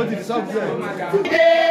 What did you say?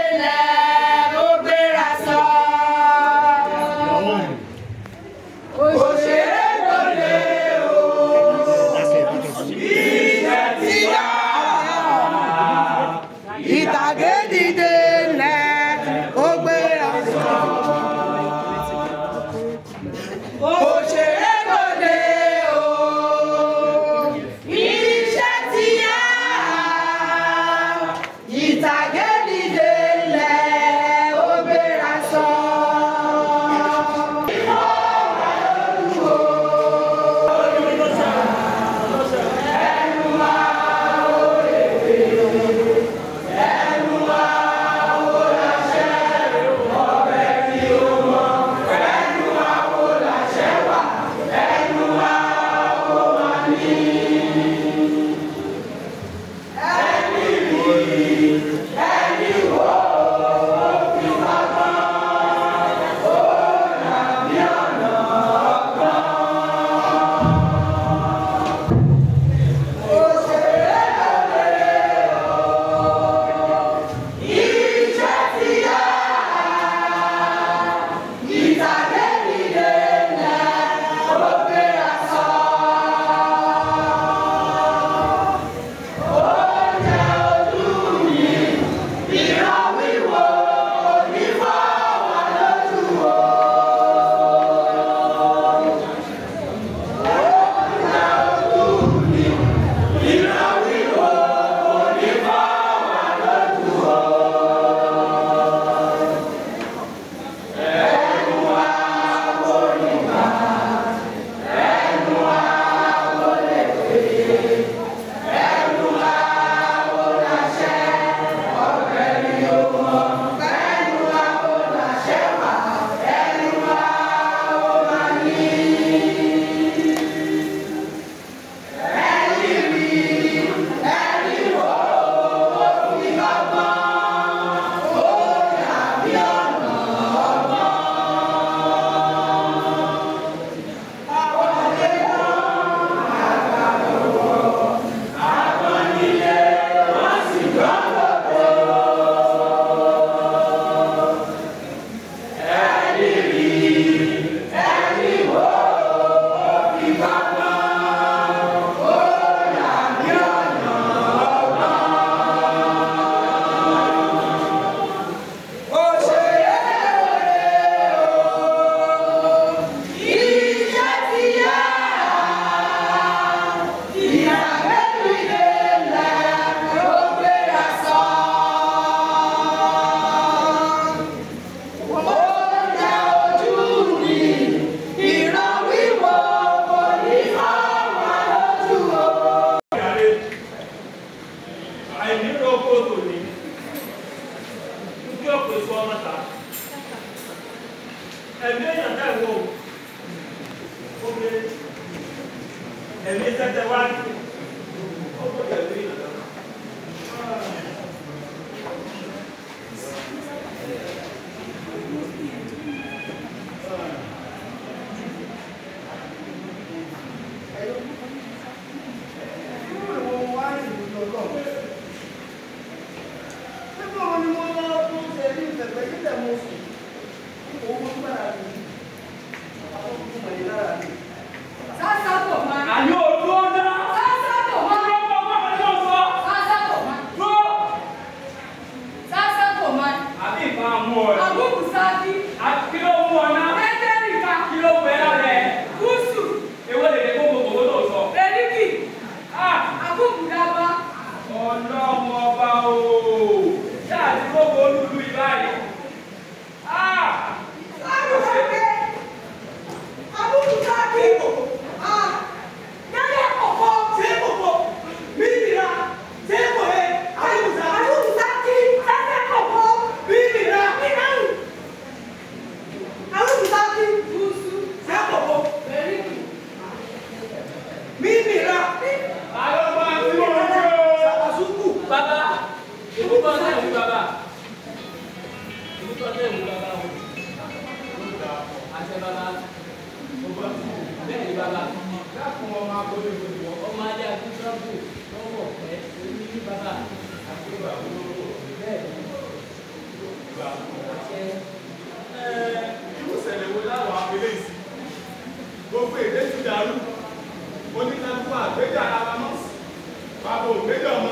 dàrú oníkàlùkù àgbéjà ara mọ́ bàbá ògbéjà ọmọ.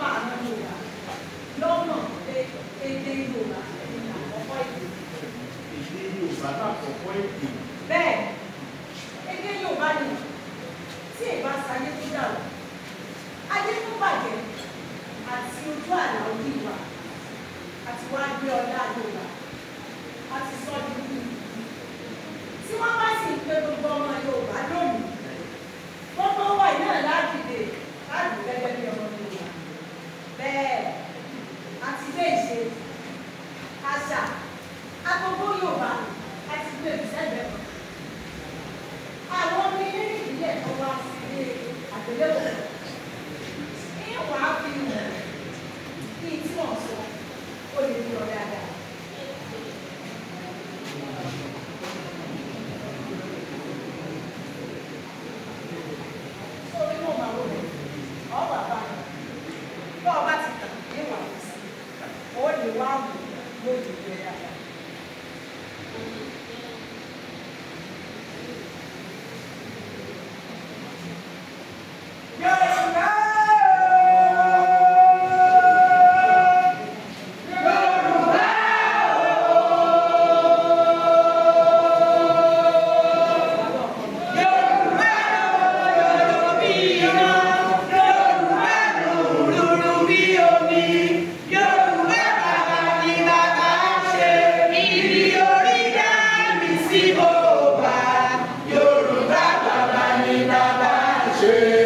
paranoia lọ́nà èdè Yorùbá èdè àkọ́kọ́ èdè. èdè Yorùbá lákọ̀ọ́kọ́ èdè. bẹ́ẹ̀ Cheers.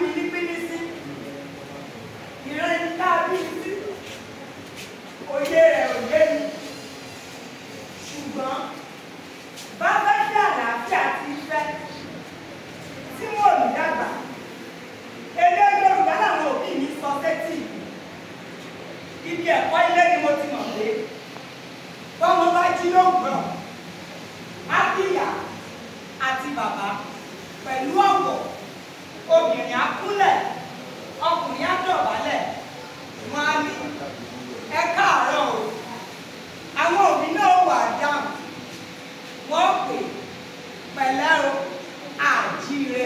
lóògbọ́n á kíyà àti bàbá pẹ̀lú ọ̀wọ̀ obìnrin á kúnlẹ̀ ọkùnrin á dọ̀bálẹ̀ wọn á ní ẹ káàárọ̀ o àwọn òbí náà wà dáhùn wọ́n pè pẹ̀lẹ́ o àjíire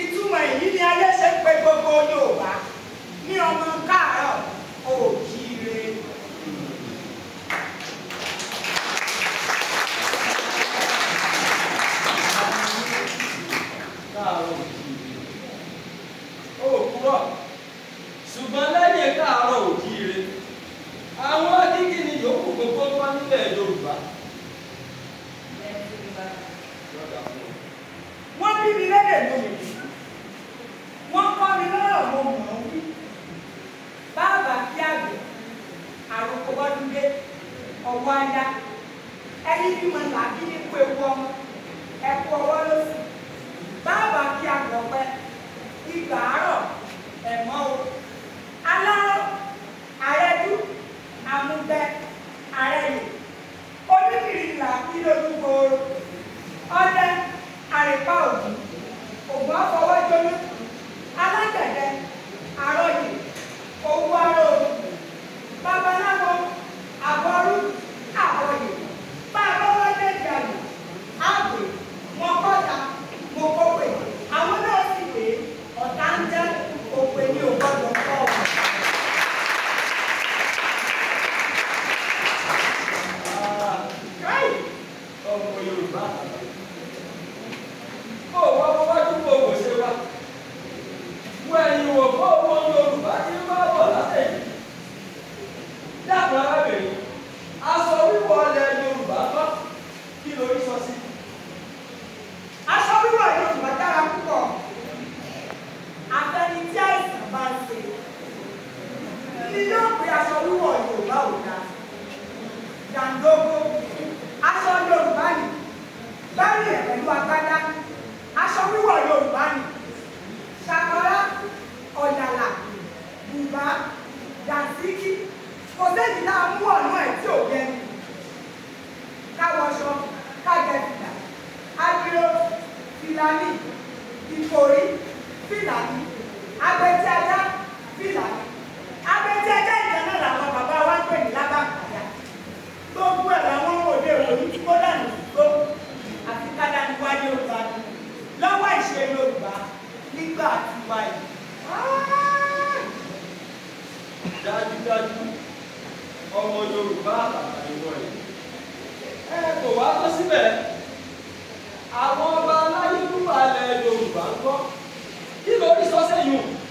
ìtumọ̀ èyí ni ayé ṣe pé gbogbo Yorùbá ní ọmọ káà. you.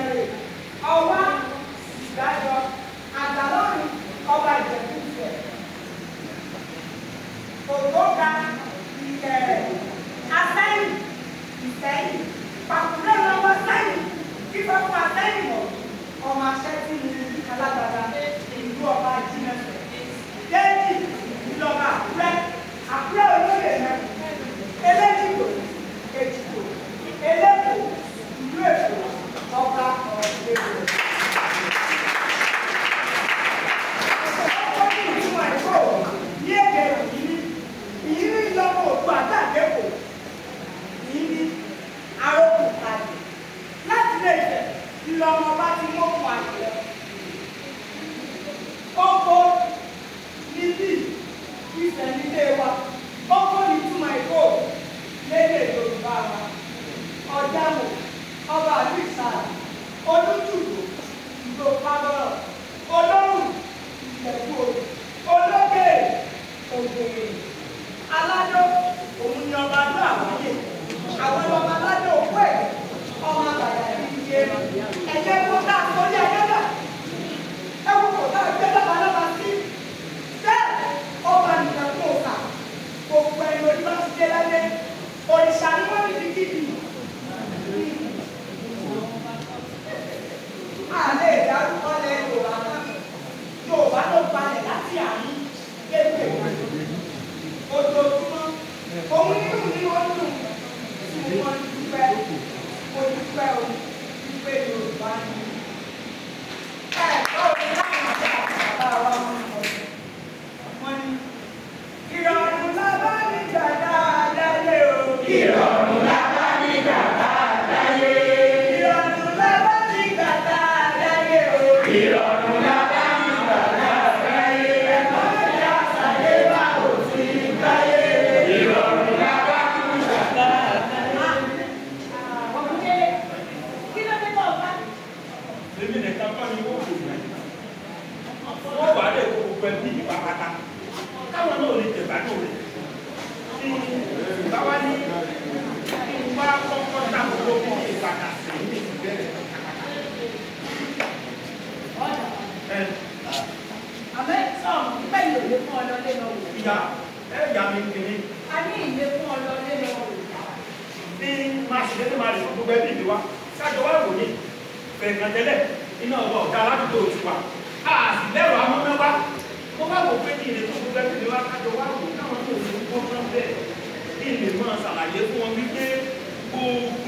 ìṣẹ̀lẹ̀ ọwá ìdájọ́ àgbàlọ́rin ọba ìjẹ̀kúfẹ̀ ògbóga ìkẹrẹ̀ asẹ́yìn ìsẹ́yìn pàkúrẹ́ lọ́wọ́ sẹ́yìn fífọ́ fún asẹ́yìn mọ̀ ọmọ aṣẹ́ tí mi alágbàdá ìlú ọba ìjìnlẹ̀ déèdì ìlọba àkúrẹ́ àkúrẹ́ òní. Thank you. por estar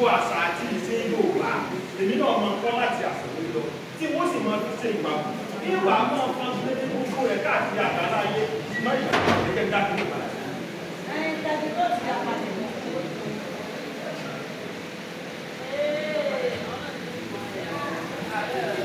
gbogbo àṣà àti ìṣe Yorùbá èmi náà máa kọ́ láti àṣà lọ tí wọ́n sì máa fi ṣe ìgbàgbọ́ nígbà máa fọ́n ti lé ní gbogbo rẹ̀ káàkiri àgbàlá ayé ṣùgbọ́n ìgbàgbọ́ gẹ́gẹ́ dákì nípa rẹ̀. ẹ̀yin tàbí kó ti àpàdé